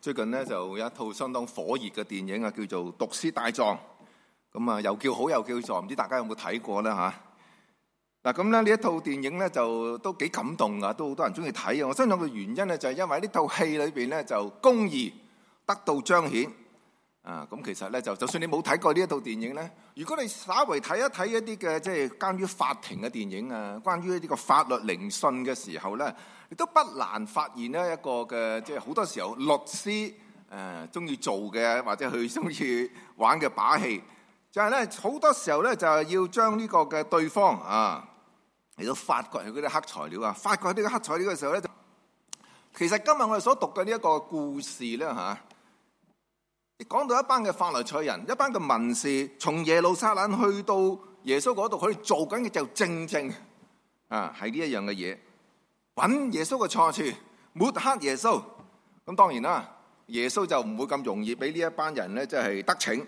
最近呢，就有一套相當火熱嘅電影，叫做《毒舌大狀》，咁啊又叫好又叫座，唔知大家有冇睇過呢吓？嗱，咁呢一套電影呢，就都幾感動啊，都好多人鍾意睇。我猜想嘅原因呢就係因為呢套戲裏面呢就公義得到彰顯。啊，咁其實咧就，就算你冇睇過呢一套電影咧，如果你稍為睇一睇一啲嘅即係關於法庭嘅電影啊，關於呢個法律聆訊嘅時候咧，你都不難發現呢一個嘅即係好多時候律師誒鍾意做嘅或者佢鍾意玩嘅把戲，就係咧好多時候咧就係要將呢個嘅對方啊你都發掘佢嗰啲黑材料啊，發掘佢啲黑材料嘅時候咧，其實今日我哋所讀嘅呢一個故事咧嚇。講到一班嘅法利賽人，一班嘅文士，從耶路撒冷去到耶穌嗰度，佢哋做緊嘅就正正啊，係呢一樣嘅嘢，搵耶穌嘅錯處，抹黑耶穌。咁當然啦，耶穌就唔會咁容易俾呢一班人咧，即係得逞。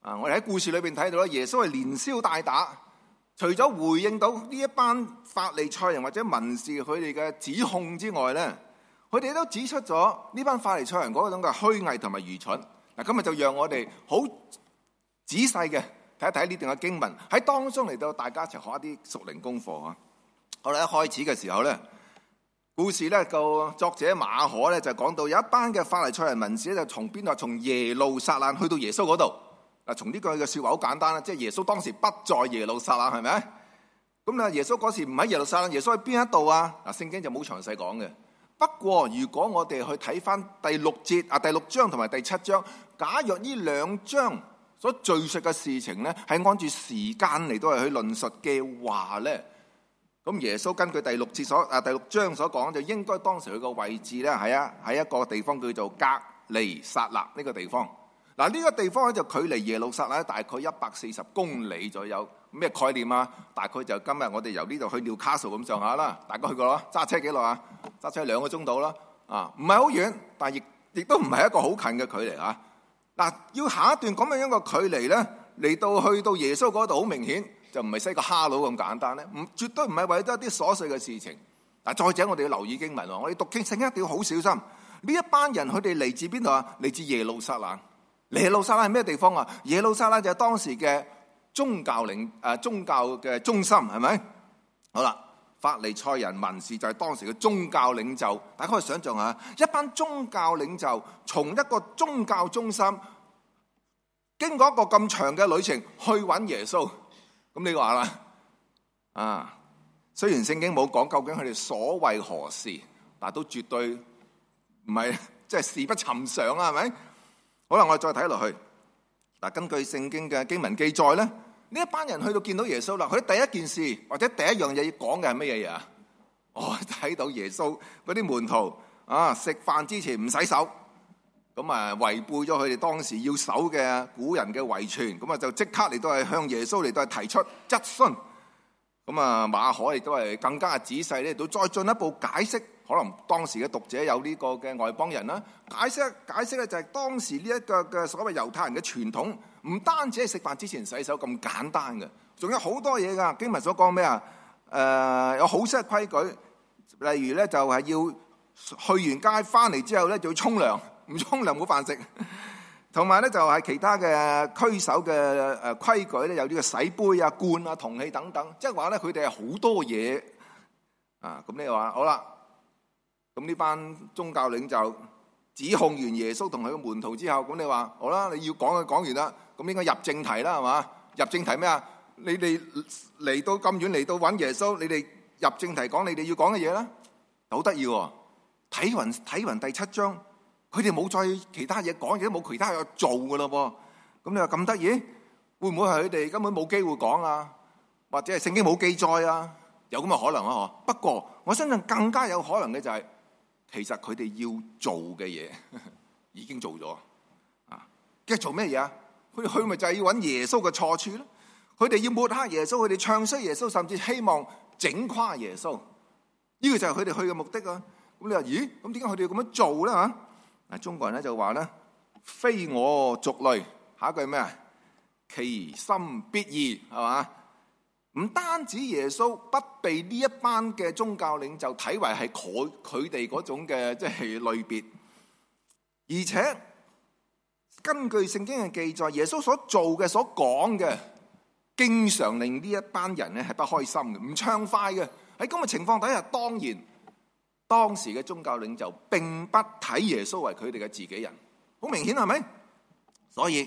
啊，我哋喺故事裏邊睇到咧，耶穌係連消帶打，除咗回應到呢一班法利賽人或者文士佢哋嘅指控之外咧，佢哋都指出咗呢班法利賽人嗰種嘅虛偽同埋愚蠢。今日就讓我哋好仔細嘅睇一睇呢段嘅經文，喺當中嚟到大家一齊學一啲屬靈功課啊！好，一開始嘅時候呢，故事呢，個作者馬可呢就講到有一班嘅法利賽人文士，就從邊度？從耶路撒冷去到耶穌嗰度。嗱，從呢句嘅説話好簡單即係，就是，耶穌當時不在耶路撒冷，係咪？咁啊，耶穌嗰時唔喺耶路撒冷，耶穌喺邊一度啊？聖經就冇詳細講嘅。不過，如果我哋去睇翻第六節啊、第六章同埋第七章，假若呢兩章所敘述嘅事情呢，係按住時間嚟到去論述嘅話呢，咁耶穌根據第六節所啊第六章所講，就應該當時佢個位置呢，係啊喺一個地方叫做革尼撒勒呢、這個地方。嗱、這、呢個地方咧就距離耶路撒冷大概一百四十公里左右。咩概念啊？大概就今日我哋由呢度去紐卡素咁上下啦。大家去過啦？揸車幾耐啊？揸車兩個鐘度啦。啊，唔係好遠，但亦亦都唔係一個好近嘅距離啊。嗱，要下一段咁樣一個距離咧，嚟到去到耶穌嗰度，好明顯就唔係西個哈佬咁簡單咧。唔，絕對唔係為咗一啲瑣碎嘅事情。嗱、啊，再者我哋要留意經文，我哋讀經時一定要好小心。呢一班人佢哋嚟自邊度啊？嚟自耶路撒冷。耶路撒冷係咩地方啊？耶路撒冷就係當時嘅。宗教領誒，宗教嘅中心係咪？好啦，法利賽人、文士就係當時嘅宗教領袖。大家可以想象下，一班宗教領袖從一個宗教中心，經過一個咁長嘅旅程去揾耶穌。咁你話啦，啊，雖然聖經冇講究竟佢哋所謂何事，但係都絕對唔係即係事不尋常啊，係咪？好啦，我哋再睇落去。嗱，根據聖經嘅經文記載咧，呢一班人去到見到耶穌啦，佢第一件事或者第一樣嘢要講嘅係乜嘢啊？我睇到耶穌嗰啲門徒啊，食飯之前唔洗手，咁啊違背咗佢哋當時要守嘅古人嘅遺傳，咁啊就即刻嚟到係向耶穌嚟到係提出質詢，咁啊馬可亦都係更加仔細嚟到再進一步解釋。可能當時嘅讀者有呢個嘅外邦人啦，解釋解釋就係當時呢一個所謂猶太人嘅傳統，唔單止係食飯之前洗手咁簡單嘅，仲有好多嘢㗎。經文所講咩啊？誒有好多規矩，例如咧就係要去完街返嚟之後咧就要沖涼，唔沖涼冇飯食。同埋咧就係其他嘅拘守嘅誒規矩咧，有呢個洗杯啊、罐啊、銅器等等，即係話咧佢哋係好多嘢啊。噉呢個話好啦。咁呢班宗教領袖指控完耶穌同佢嘅門徒之後，咁你話好啦，你要講就講完啦，咁應該入正題啦，係嘛？入正題咩啊？你哋嚟到咁遠嚟到搵耶穌，你哋入正題講你哋要講嘅嘢啦。好得意喎！睇完睇完第七章，佢哋冇再其他嘢講，亦都冇其他嘢做噶啦噃。咁你話咁得意，會唔會係佢哋根本冇機會講啊？或者係聖經冇記載啊？有咁嘅可能啊？不過我相信更加有可能嘅就係。其實佢哋要做嘅嘢已經做咗啊！佢做咩嘢啊？佢哋去咪就係要揾耶穌嘅錯處咧？佢哋要抹黑耶穌，佢哋唱衰耶穌，甚至希望整垮耶穌。呢個就係佢哋去嘅目的啊！咁你話咦？咁點解佢哋要咁樣做咧？啊！嗱，中國人咧就話咧，非我族類，下一句咩啊？其心必異，係嘛？唔單止耶穌不被呢一班嘅宗教領袖睇為係佢佢哋嗰種嘅，即係類別，而且根據聖經嘅記載，耶穌所做嘅、所講嘅，經常令呢一班人咧係不開心嘅、唔暢快嘅。喺咁嘅情況底下，當然當時嘅宗教領袖並不睇耶穌為佢哋嘅自己人，好明顯係咪？所以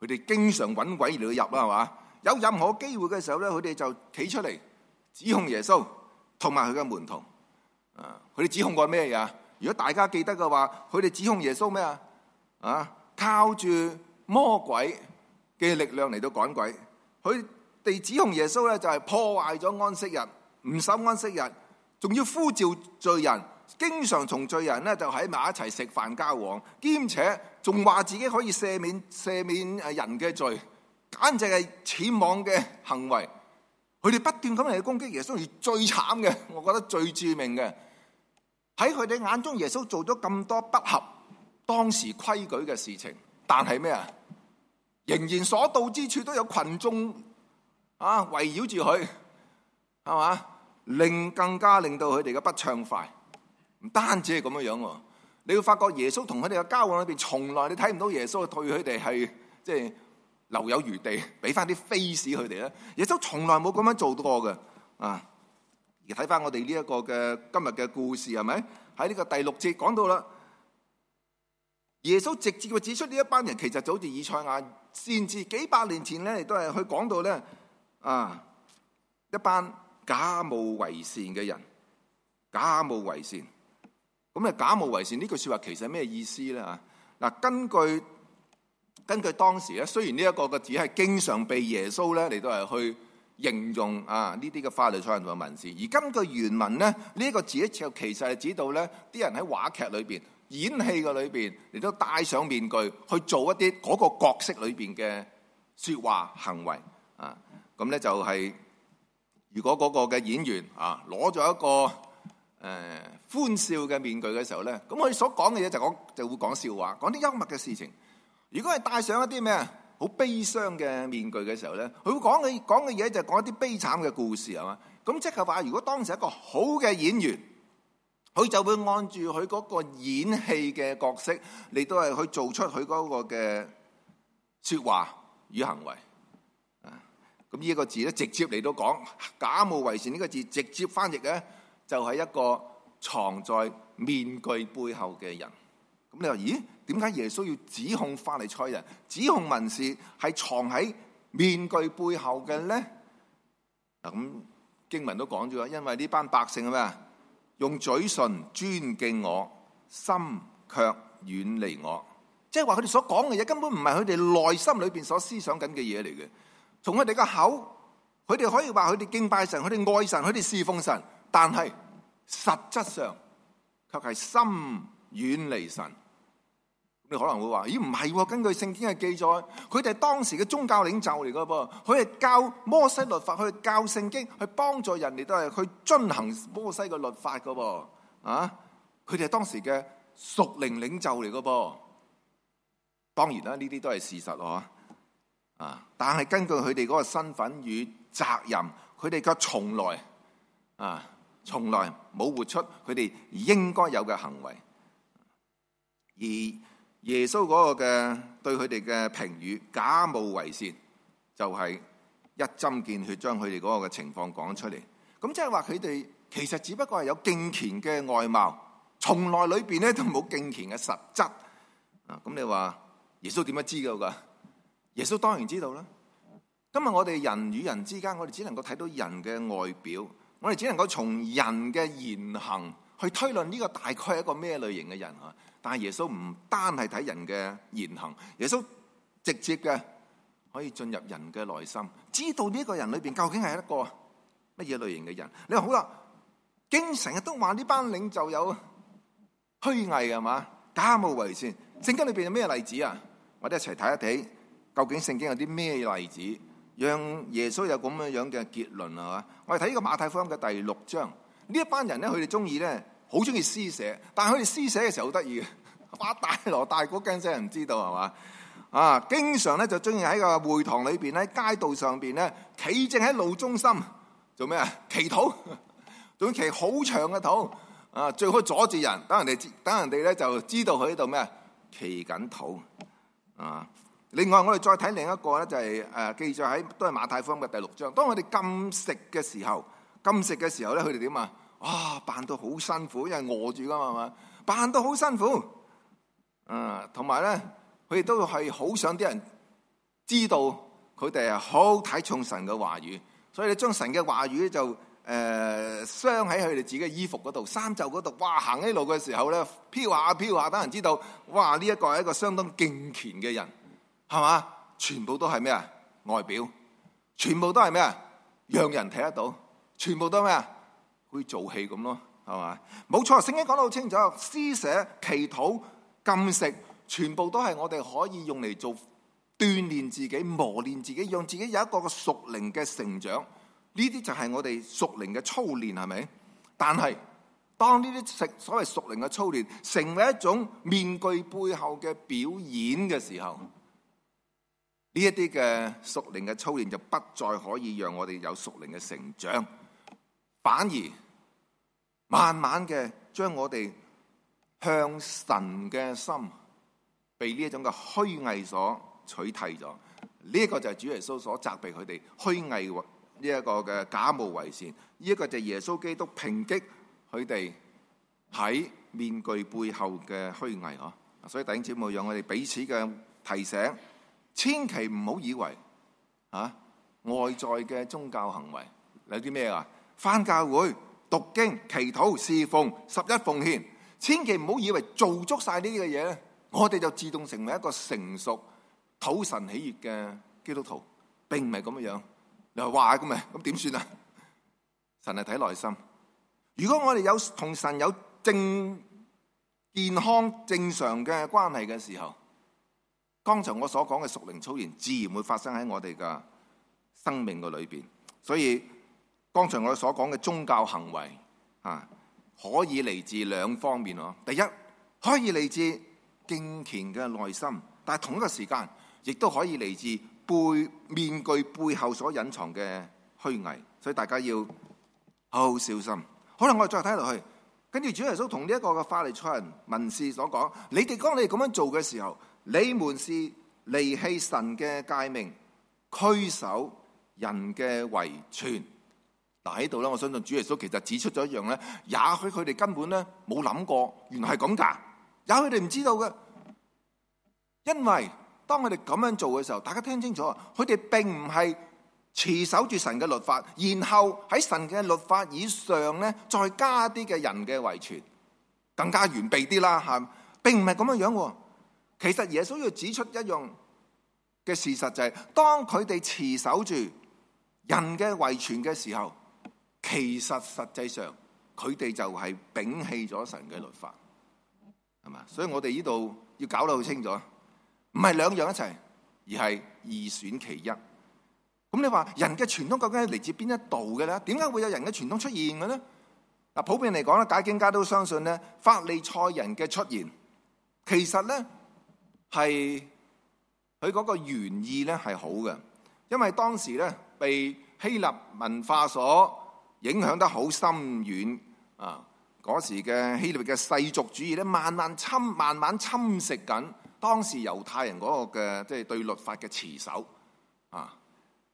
佢哋經常搵鬼嚟去入啦，係嘛？有任何機會嘅時候咧，佢哋就企出嚟指控耶穌同埋佢嘅門徒。啊，佢哋指控過咩嘢啊？如果大家記得嘅話，佢哋指控耶穌咩啊？啊，靠住魔鬼嘅力量嚟到趕鬼。佢哋指控耶穌咧，就係破壞咗安息日，唔守安息日，仲要呼召罪人，經常同罪人咧就喺埋一齊食飯交往，兼且仲話自己可以赦免赦免誒人嘅罪。.簡直係潛妄嘅行為，佢哋不斷咁嚟攻擊耶穌。而最慘嘅，我覺得最致命嘅，喺佢哋眼中，耶穌做咗咁多不合當時規矩嘅事情。但係咩啊？仍然所到之處都有群眾啊圍繞住佢，係嘛？令更加令到佢哋嘅不暢快。唔單止係咁樣樣，你會發覺耶穌同佢哋嘅交往裏邊，從來你睇唔到耶穌對佢哋係即係。就是留有餘地，俾翻啲飛士佢哋咧。耶穌從來冇咁樣做到過嘅啊！而睇翻我哋呢一個嘅今日嘅故事係咪？喺呢個第六節講到啦，耶穌直接話指出呢一班人其實就好似以賽亞，先至幾百年前咧都係去講到咧啊一班假冒為善嘅人，假冒為善。咁啊，假冒為善呢句説話其實係咩意思咧？啊嗱，根據。根據當時咧，雖然呢一個嘅字係經常被耶穌咧嚟到嚟去形容啊，呢啲嘅法律財產同埋民事。而根據原文咧，呢、這、一個字咧就其實係指到咧啲人喺話劇裏邊演戲嘅裏邊嚟到戴上面具去做一啲嗰個角色裏邊嘅説話行為啊。咁咧就係、是、如果嗰個嘅演員啊攞咗一個誒、呃、歡笑嘅面具嘅時候咧，咁佢所講嘅嘢就講就會講笑話，講啲幽默嘅事情。如果係戴上一啲咩啊，好悲傷嘅面具嘅時候咧，佢會講嘅講嘅嘢就係講一啲悲慘嘅故事係嘛？咁即係話，如果當時一個好嘅演員，佢就會按住佢嗰個演戲嘅角色嚟，都係去做出佢嗰個嘅説話與行為。啊，咁呢一個字咧，直接嚟到講假冒為善呢個字，直接翻譯咧就係、是、一個藏在面具背後嘅人。咁你話，咦？點解耶穌要指控法利賽人，指控文士係藏喺面具背後嘅咧？啊，咁經文都講咗，因為呢班百姓係咩啊？用嘴唇尊敬我，心卻遠離我。即係話佢哋所講嘅嘢根本唔係佢哋內心裏面所思想緊嘅嘢嚟嘅。從佢哋個口，佢哋可以話佢哋敬拜神，佢哋愛神，佢哋侍奉神，但係實質上卻係心遠離神。你可能會話，咦，唔係？根據聖經嘅記載，佢哋係當時嘅宗教領袖嚟噶噃，佢係教摩西律法，去教聖經，去幫助人哋，都係去遵行摩西嘅律法噶噃。啊，佢哋係當時嘅屬靈領袖嚟噶噃。當然啦，呢啲都係事實咯。啊，但係根據佢哋嗰個身份與責任，佢哋嘅從來啊，從來冇活出佢哋應該有嘅行為，而。耶穌嗰個嘅對佢哋嘅評語，假冒為善，就係一針見血將佢哋嗰個嘅情況講出嚟。咁即係話佢哋其實只不過係有敬虔嘅外貌，從來裏邊咧都冇敬虔嘅實質。啊，咁你話耶穌點樣知道噶？耶穌當然知道啦。今日我哋人與人之間，我哋只能夠睇到人嘅外表，我哋只能夠從人嘅言行去推論呢個大概係一個咩類型嘅人啊。但係耶穌唔單係睇人嘅言行，耶穌直接嘅可以進入人嘅內心，知道呢一個人裏邊究竟係一個乜嘢類型嘅人。你話好啦，經常都話呢班領袖有虛偽係嘛，假冒偽善，聖經裏邊有咩例子啊？我哋一齊睇一睇，究竟聖經有啲咩例子，讓耶穌有咁樣樣嘅結論係嘛？我哋睇呢個馬太福音嘅第六章，呢一班人咧，佢哋中意咧。好中意施捨，但係佢哋施捨嘅時候好得意嘅，把大鑼大鼓驚死人，唔知道係嘛？啊，經常咧就中意喺個會堂裏邊，喺街道上邊咧，企正喺路中心做咩啊？祈禱，仲要祈好長嘅禱啊！最好阻住人，等人哋等人哋咧就知道佢喺度咩啊？祈緊禱啊！另外，我哋再睇另一個咧，就係誒記載喺都係馬太福音嘅第六章，當我哋禁食嘅時候，禁食嘅時候咧，佢哋點啊？哇、哦，扮到好辛苦，因為餓住噶嘛，係嘛？扮到好辛苦，嗯，同埋咧，佢哋都係好想啲人知道佢哋係好睇重神嘅話語，所以你將神嘅話語就誒鑲喺佢哋自己嘅衣服嗰度，衫袖嗰度。哇，行喺路嘅時候咧，飄下飄下，等人知道。哇，呢，這，一個係一個相當敬虔嘅人，係嘛？全部都係咩啊？外表，全部都係咩啊？讓人睇得到，全部都係咩啊？去做戲咁咯，係嘛？冇錯，聖經講得好清楚，施捨、祈禱、禁食，全部都係我哋可以用嚟做鍛鍊自己、磨練自己，讓自己有一個嘅屬靈嘅成長。呢啲就係我哋屬靈嘅操練，係咪？但係當呢啲食所謂屬靈嘅操練成為一種面具背後嘅表演嘅時候，呢一啲嘅屬靈嘅操練就不再可以讓我哋有屬靈嘅成長。反而慢慢嘅，將我哋向神嘅心被呢一種嘅虛偽所取替咗。呢、這、一個就係主耶穌所責備佢哋虛偽呢一個嘅假冒偽善。呢、這、一個就係耶穌基督抨擊佢哋喺面具背後嘅虛偽嗬。所以等節目讓我哋彼此嘅提醒，千祈唔好以為啊外在嘅宗教行為有啲咩啊？翻教會讀經、祈禱、侍奉、十一奉獻，千祈唔好以為做足晒呢啲嘅嘢，我哋就自動成為一個成熟、討神喜悅嘅基督徒，並唔係咁樣樣。你話嘩咁咪咁點算啊？神係睇內心。如果我哋有同神有正健康、正常嘅關係嘅時候，剛才我所講嘅屬靈操練，自然會發生喺我哋嘅生命嘅裏邊。所以，剛才我所講嘅宗教行為啊，可以嚟自兩方面咯。第一可以嚟自敬虔嘅內心，但同一個時間亦都可以嚟自背面具背後所隱藏嘅虛偽，所以大家要好好小心。好喇，我哋再睇落去，跟住主耶穌同呢一個嘅法利賽人文士所講，你哋當你哋咁樣做嘅時候，你們是離棄神嘅誡命，驅守人嘅遺傳。嗱，喺度啦！我相信主耶穌其實指出咗一樣咧，也許佢哋根本咧冇諗過，原來係咁噶，也許佢哋唔知道嘅。因為當佢哋咁樣做嘅時候，大家聽清楚啊，佢哋並唔係持守住神嘅律法，然後喺神嘅律法以上咧，再加啲嘅人嘅遺傳，更加完備啲啦，係，並唔係咁樣樣。其實耶穌要指出一樣嘅事實就係、是，當佢哋持守住人嘅遺傳嘅時候。其實實際上，佢哋就係摒棄咗神嘅律法，係嘛？所以我哋呢度要搞得好清楚，唔係兩樣一齊，而係二選其一。咁你話人嘅傳統究竟係嚟自邊一度嘅咧？點解會有人嘅傳統出現嘅咧？嗱，普遍嚟講咧，解經家都相信咧，法利賽人嘅出現其實咧係佢嗰個原意咧係好嘅，因為當時咧被希臘文化所影響得好深遠啊！嗰時嘅希臘嘅世俗主義咧，慢慢侵、慢慢侵蝕緊當時猶太人嗰個嘅即係對律法嘅持守啊！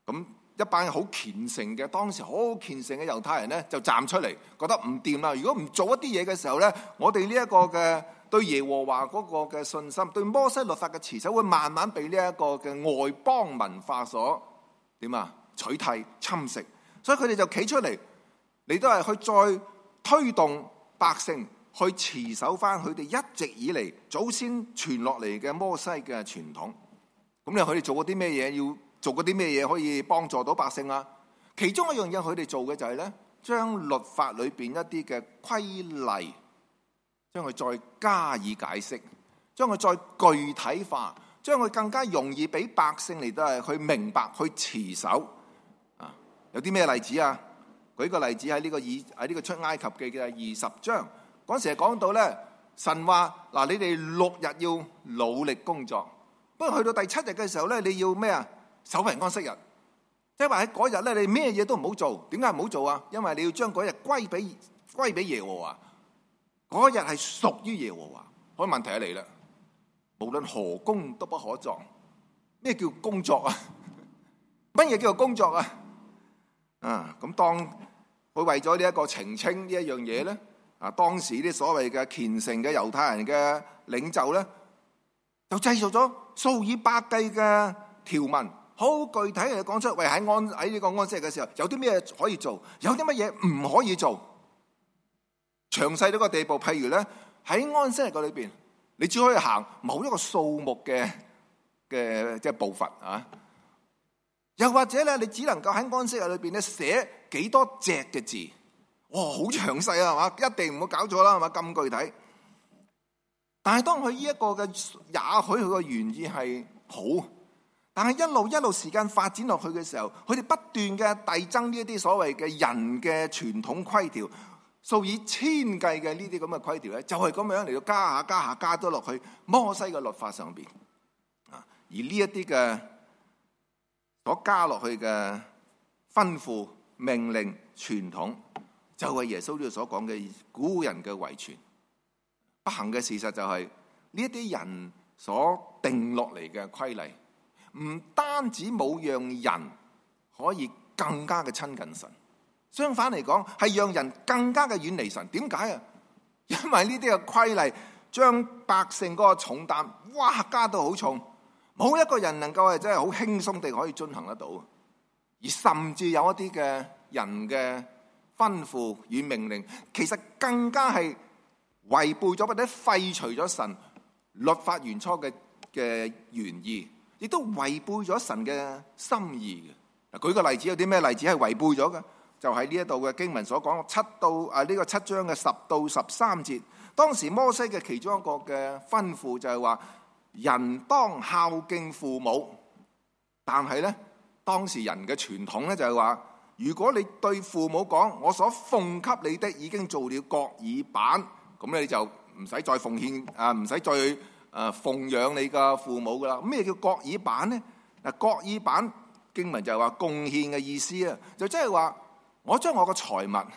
咁一班好虔誠嘅、當時好虔誠嘅猶太人咧，就站出嚟覺得唔掂啦！如果唔做一啲嘢嘅時候咧，我哋呢一個嘅對耶和華嗰個嘅信心，對摩西律法嘅持守，會慢慢被呢一個嘅外邦文化所點啊取替、侵蝕，所以佢哋就企出嚟。你都係去再推動百姓去持守翻佢哋一直以嚟祖先傳落嚟嘅摩西嘅傳統。咁你佢哋做過啲咩嘢？要做過啲咩嘢可以幫助到百姓啊？其中一樣嘢佢哋做嘅就係咧，將律法裏面一啲嘅規例，將佢再加以解釋，將佢再具體化，將佢更加容易俾百姓嚟都係去明白去持守。啊，有啲咩例子啊？舉個例子喺呢個二喺呢個出埃及記嘅二十章，嗰時係講到咧神話嗱，你哋六日要努力工作，不過去到第七日嘅時候咧，你要咩啊？守平安息日，即係話喺嗰日咧，你咩嘢都唔好做。點解唔好做啊？因為你要將嗰日歸俾歸俾耶和華，嗰日係屬於耶和華。開問題嚟啦，無論何工都不可作。咩叫工作啊？乜嘢叫做工作啊？啊、嗯，咁當佢為咗呢一個澄清，呢一樣嘢咧，啊，當時啲所謂嘅虔誠嘅猶太人嘅領袖咧，就製造咗數以百計嘅條文，好具體嘅講出，為喺安喺呢個安息嘅時候，有啲咩可以做，有啲乜嘢唔可以做，詳細到個地步。譬如咧，喺安息日嘅裏邊，你只可以行某一個數目嘅嘅即係步伐啊。又或者咧，你只能夠喺安息日裏邊咧寫幾多隻嘅字，哇，好詳細啊，係嘛？一定唔好搞錯啦，係嘛？咁具體。但係當佢呢一個嘅，也許佢個原意係好，但係一路一路時間發展落去嘅時候，佢哋不斷嘅遞增呢一啲所謂嘅人嘅傳統規條，數以千計嘅呢啲咁嘅規條咧，就係咁樣嚟到加下加下加多落去摩西嘅律法上邊啊。而呢一啲嘅。所加落去嘅吩咐、命令、傳統，就係、是、耶穌呢度所講嘅古人嘅遺傳。不幸嘅事實就係呢啲人所定落嚟嘅規例，唔單止冇讓人可以更加嘅親近神，相反嚟講係讓人更加嘅遠離神。點解啊？因為呢啲嘅規例將百姓嗰個重擔哇加到好重。冇一個人能夠係真係好輕鬆地可以進行得到，而甚至有一啲嘅人嘅吩咐與命令，其實更加係違背咗或者廢除咗神律法原初嘅嘅原意，亦都違背咗神嘅心意嘅。嗱，舉個例子，有啲咩例子係違背咗嘅？就係呢一度嘅經文所講七到啊呢個七章嘅十到十三節，當時摩西嘅其中一個嘅吩咐就係話。人當孝敬父母，但係咧，當時人嘅傳統咧就係話：如果你對父母講我所奉給你的已經做了國耳板，咁咧你就唔使再奉獻啊，唔使再啊奉養你嘅父母噶啦。咩叫國耳板呢？嗱，國耳板經文就係話貢獻嘅意思啊，就即係話我將我嘅財物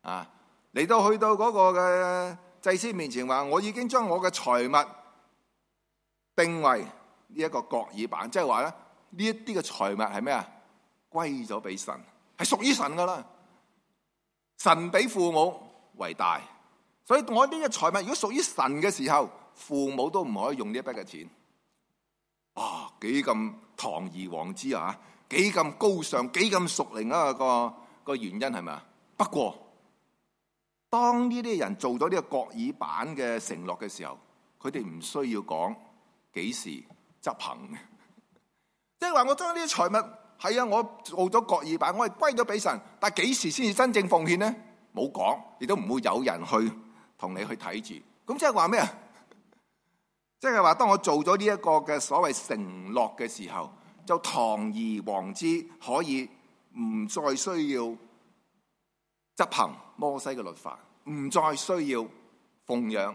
啊嚟到去到嗰個嘅祭司面前話，我已經將我嘅財物。定位這個國語版，即係話這些財物係咩啊？歸咗畀神，係屬於神㗎喇。神比父母為大，所以我這些財物如果屬於神的時候，父母都唔可以用這一筆嘅錢。啊、哦，幾咁堂而皇之啊！幾咁高尚，幾咁熟靈的個、那個原因係咪啊？不過當這些人做咗呢個國語版的承諾的時候，佢哋唔需要講。幾時執行？即係話我將呢啲財物，係啊，我做咗割耳板，我係歸咗俾神，但係幾時先至真正奉獻呢？冇講，亦都唔會有人去同你去睇住。咁即係話咩啊？即係話當我做咗呢一個嘅所謂承諾嘅時候，就堂而皇之可以唔再需要執行摩西嘅律法，唔再需要奉養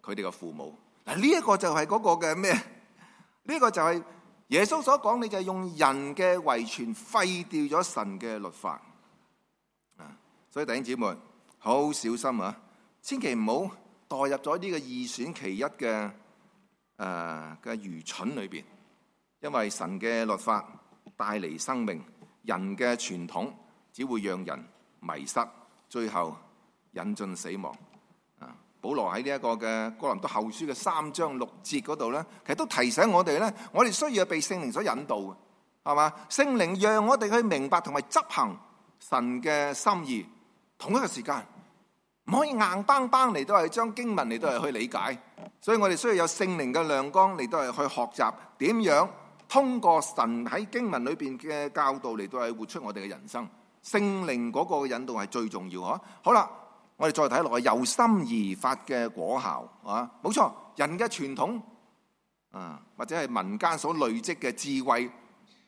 佢哋嘅父母。嗱，呢一個就係嗰個嘅咩？呢、這個就係耶穌所講，你就用人嘅遺傳廢掉咗神嘅律法。啊，所以弟兄姊妹好小心啊，千祈唔好墮入咗呢個二選其一嘅誒嘅愚蠢裏邊，因為神嘅律法帶嚟生命，人嘅傳統只會讓人迷失，最後引進死亡。保羅喺呢一個嘅哥林多後書嘅三章六節嗰度咧，其實都提醒我哋咧，我哋需要被聖靈所引導嘅，係嘛？聖靈讓我哋去明白同埋執行神嘅心意。同一個時間唔可以硬邦邦嚟到係將經文嚟到係去理解，所以我哋需要有聖靈嘅亮光嚟到係去學習點樣通過神喺經文裏邊嘅教導嚟到係活出我哋嘅人生。聖靈嗰個引導係最重要嗬。好啦。我哋再睇落去由心而發嘅果效啊！冇錯，人嘅傳統啊，或者係民間所累積嘅智慧，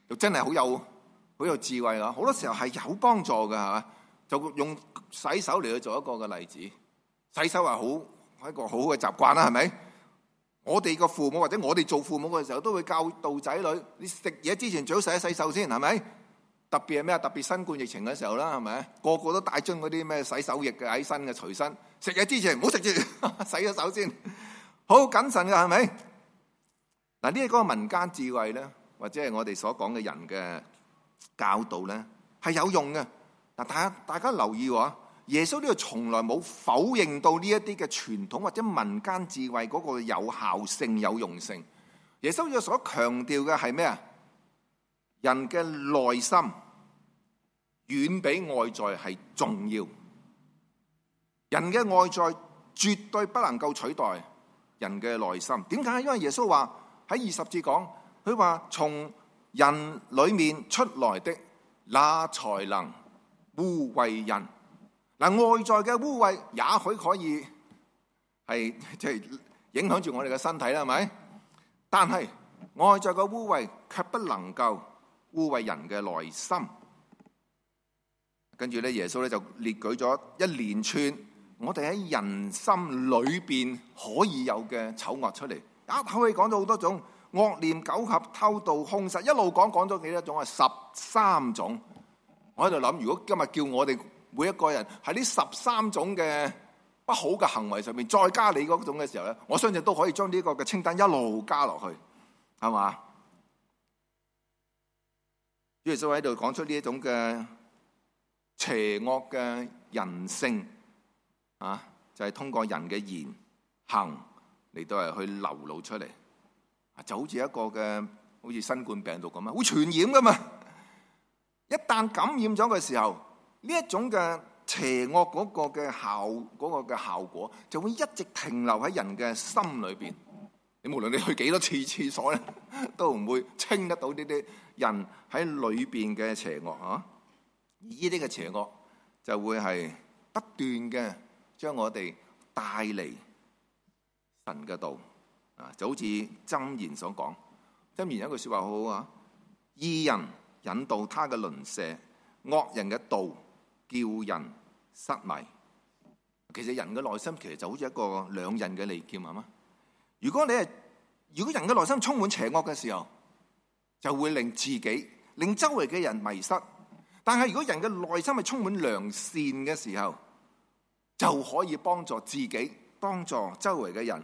又真係好有好有智慧啊！好多時候係有幫助嘅，係嘛？就用洗手嚟去做一個嘅例子，洗手係，係一個好嘅習慣啦，係咪？我哋個父母或者我哋做父母嘅時候，都會教導仔女：你食嘢之前最好洗一洗手先，係咪？特別係咩啊？特別新冠疫情嘅時候啦，係咪？個個都帶樽嗰啲咩洗手液嘅喺身嘅隨身。食嘢之前唔好食住，洗咗手先。好謹慎噶，係咪？嗱，呢一個民間智慧咧，或者係我哋所講嘅人嘅教導咧，係有用嘅。嗱，大家大家留意啊！耶穌呢度從來冇否認到呢一啲嘅傳統或者民間智慧嗰個有效性、有用性。耶穌呢度所強調嘅係咩啊？人嘅內心遠比外在係重要。人嘅外在絕對不能夠取代人嘅內心。點解？因為耶穌話喺二十節講，佢話從人裏面出來的那才能污穢人。嗱，外在嘅污穢也許可以係影響住我哋嘅身體啦，係咪？但係外在嘅污穢卻不能夠。污穢人嘅內心，跟住咧，耶穌咧就列舉咗一連串我哋喺人心裏邊可以有嘅醜惡出嚟。一口氣講咗好多種，惡念、苟合、偷盜、凶殺，一路講講咗幾多種啊？十三種。我喺度諗，如果今日叫我哋每一個人喺呢十三種嘅不好嘅行為上面再加你嗰種嘅時候咧，我相信都可以將呢個嘅清單一路加落去，係嘛？耶穌喺度講出呢一種嘅邪惡嘅人性啊，就係通過人嘅言行嚟到係去流露出嚟啊，就好似一個嘅好似新冠病毒咁樣，會傳染噶嘛。一旦感染咗嘅時候，呢一種嘅邪惡嗰個嘅效嗰個嘅效果就會一直停留喺人嘅心裏邊。你無論你去幾多次廁所咧，都唔會清得到呢啲。人喺裏邊嘅邪惡，而呢啲嘅邪惡就會係不斷嘅將我哋帶嚟神嘅道啊，就好似箴言所講，箴言有一句說話好好啊，義人引導他嘅鄰舍，惡人嘅道叫人失迷。其實人嘅內心其實就好似一個兩刃嘅利劍啊嘛。如果你係如果人嘅內心充滿邪惡嘅時候，就會令自己、令周圍嘅人迷失。但係如果人嘅內心係充滿良善嘅時候，就可以幫助自己、幫助周圍嘅人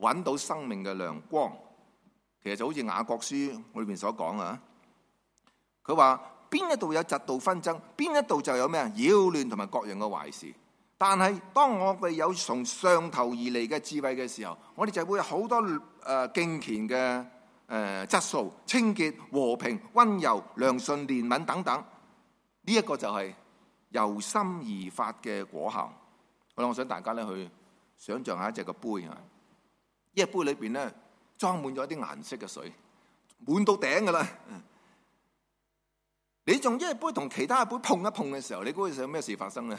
搵到生命嘅亮光。其實就好似雅各書裏面所講啊，佢話邊一度有嫉妒紛爭，邊一度就有咩啊擾亂同埋各樣嘅壞事。但係當我哋有從上頭而嚟嘅智慧嘅時候，我哋就會有好多誒、呃、敬虔嘅。誒、呃、質素、清潔、和平、溫柔、良順、憐憫等等，呢、這、一個就係由心而發嘅果效。好啦，我想大家咧去想像下一隻個杯啊，一杯裏呢一杯裏邊咧裝滿咗一啲顏色嘅水，滿到頂㗎啦。你用呢一杯同其他一杯碰一碰嘅時候，你估會有咩事發生咧？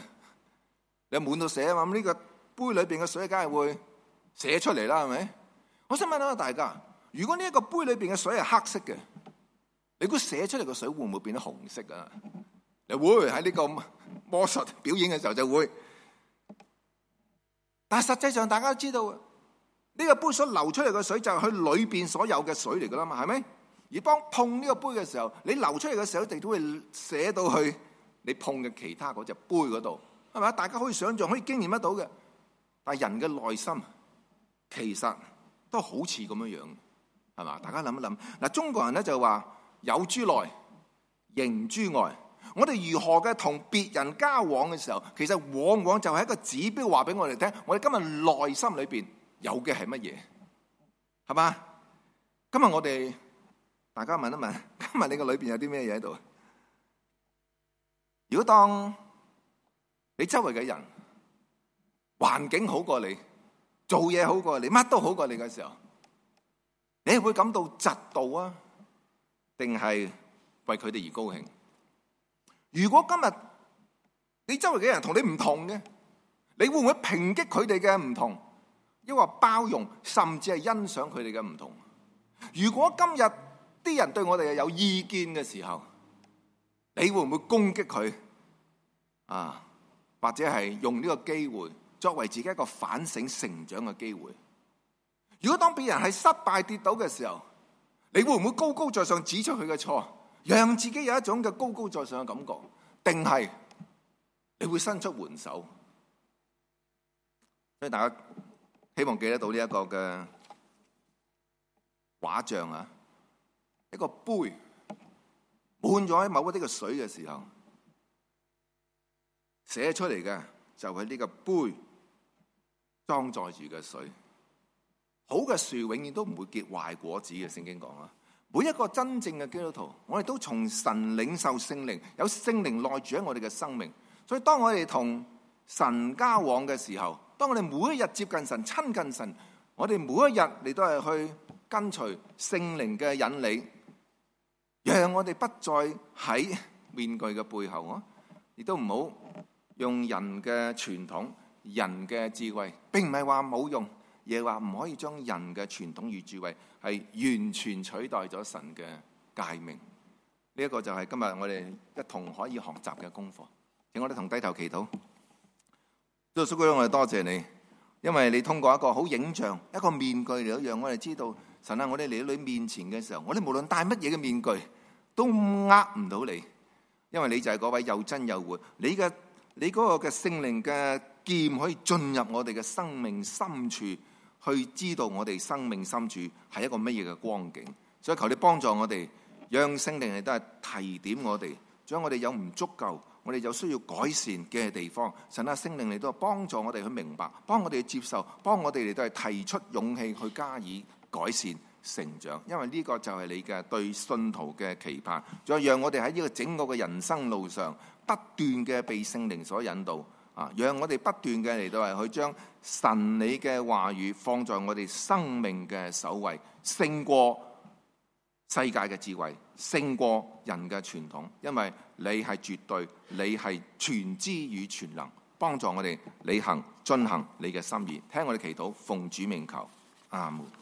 你滿到寫啊，咁、這、呢個杯裏邊嘅水梗係會寫出嚟啦，係咪？我想問下大家。如果呢一個杯裏邊嘅水係黑色嘅，你估寫出嚟嘅水會唔會變得紅色啊？你會喺呢個魔術表演嘅時候就會，但實際上大家都知道，呢、這個杯所流出嚟嘅水就係佢裏邊所有嘅水嚟噶啦嘛，係咪？而碰呢個杯嘅時候，你流出嚟嘅時候，地都會寫到去你碰嘅其他嗰隻杯嗰度，係咪？大家可以想象，可以經驗得到嘅，但係人嘅內心其實都好似咁樣樣。係嘛？大家諗一諗嗱，中國人咧就話有諸內，形諸外。我哋如何嘅同別人交往嘅時候，其實往往就係一個指標，話俾我哋聽。我哋今日內心裏邊有嘅係乜嘢？係嘛？今日我哋大家問一問，今日你個裏邊有啲咩嘢喺度？如果當你周圍嘅人環境好過你，做嘢好過你，乜都好過你嘅時候，你係會感到嫉妒啊？定係為佢哋而高興？如果今日你周圍嘅人同你唔同嘅，你會唔會抨擊佢哋嘅唔同？抑或包容，甚至係欣賞佢哋嘅唔同？如果今日啲人對我哋有意見嘅時候，你會唔會攻擊佢？啊，或者係用呢個機會作為自己一個反省、成長嘅機會？如果當別人喺失敗跌倒嘅時候，你會唔會高高在上指出佢嘅錯，讓自己有一種嘅高高在上嘅感覺？定係你會伸出援手？所以大家希望記得到呢一個嘅畫像啊，一個杯滿咗喺某一啲嘅水嘅時候，寫出嚟嘅就係呢個杯裝載住嘅水。好嘅樹永遠都唔會結壞果子嘅，聖經講啊。每一個真正嘅基督徒，我哋都從神領受聖靈，有聖靈內住喺我哋嘅生命。所以當我哋同神交往嘅時候，當我哋每一日接近神、親近神，我哋每一日你都係去跟隨聖靈嘅引領，讓我哋不再喺面具嘅背後啊！亦都唔好用人嘅傳統、人嘅智慧，並唔係話冇用。亦話唔可以將人嘅傳統與注位係完全取代咗神嘅誡命，呢一個就係今日我哋一同可以學習嘅功課。請我哋同低頭祈禱。蘇哥，我哋多謝你，因為你通過一個好影像、一個面具嚟，讓我哋知道神，我哋嚟到你面前嘅時候，我哋無論戴乜嘢嘅面具都呃唔到你，因為你就係嗰位又真又活。你嘅你嗰個嘅聖靈嘅劍可以進入我哋嘅生命深處。去知道我哋生命深處係一個乜嘢嘅光景，所以求你幫助我哋，讓聖靈嚟都係提點我哋，將我哋有唔足夠，我哋有需要改善嘅地方，神啊，聖靈嚟都係幫助我哋去明白，幫我哋去接受，幫我哋嚟都係提出勇氣去加以改善成長，因為呢個就係你嘅對信徒嘅期盼，再讓我哋喺呢個整個嘅人生路上不斷嘅被聖靈所引導。啊！讓我哋不斷嘅嚟到係去將神你嘅話語放在我哋生命嘅首位，勝過世界嘅智慧，勝過人嘅傳統。因為你係絕對，你係全知與全能，幫助我哋履行進行你嘅心意。聽我哋祈禱，奉主名求，阿門。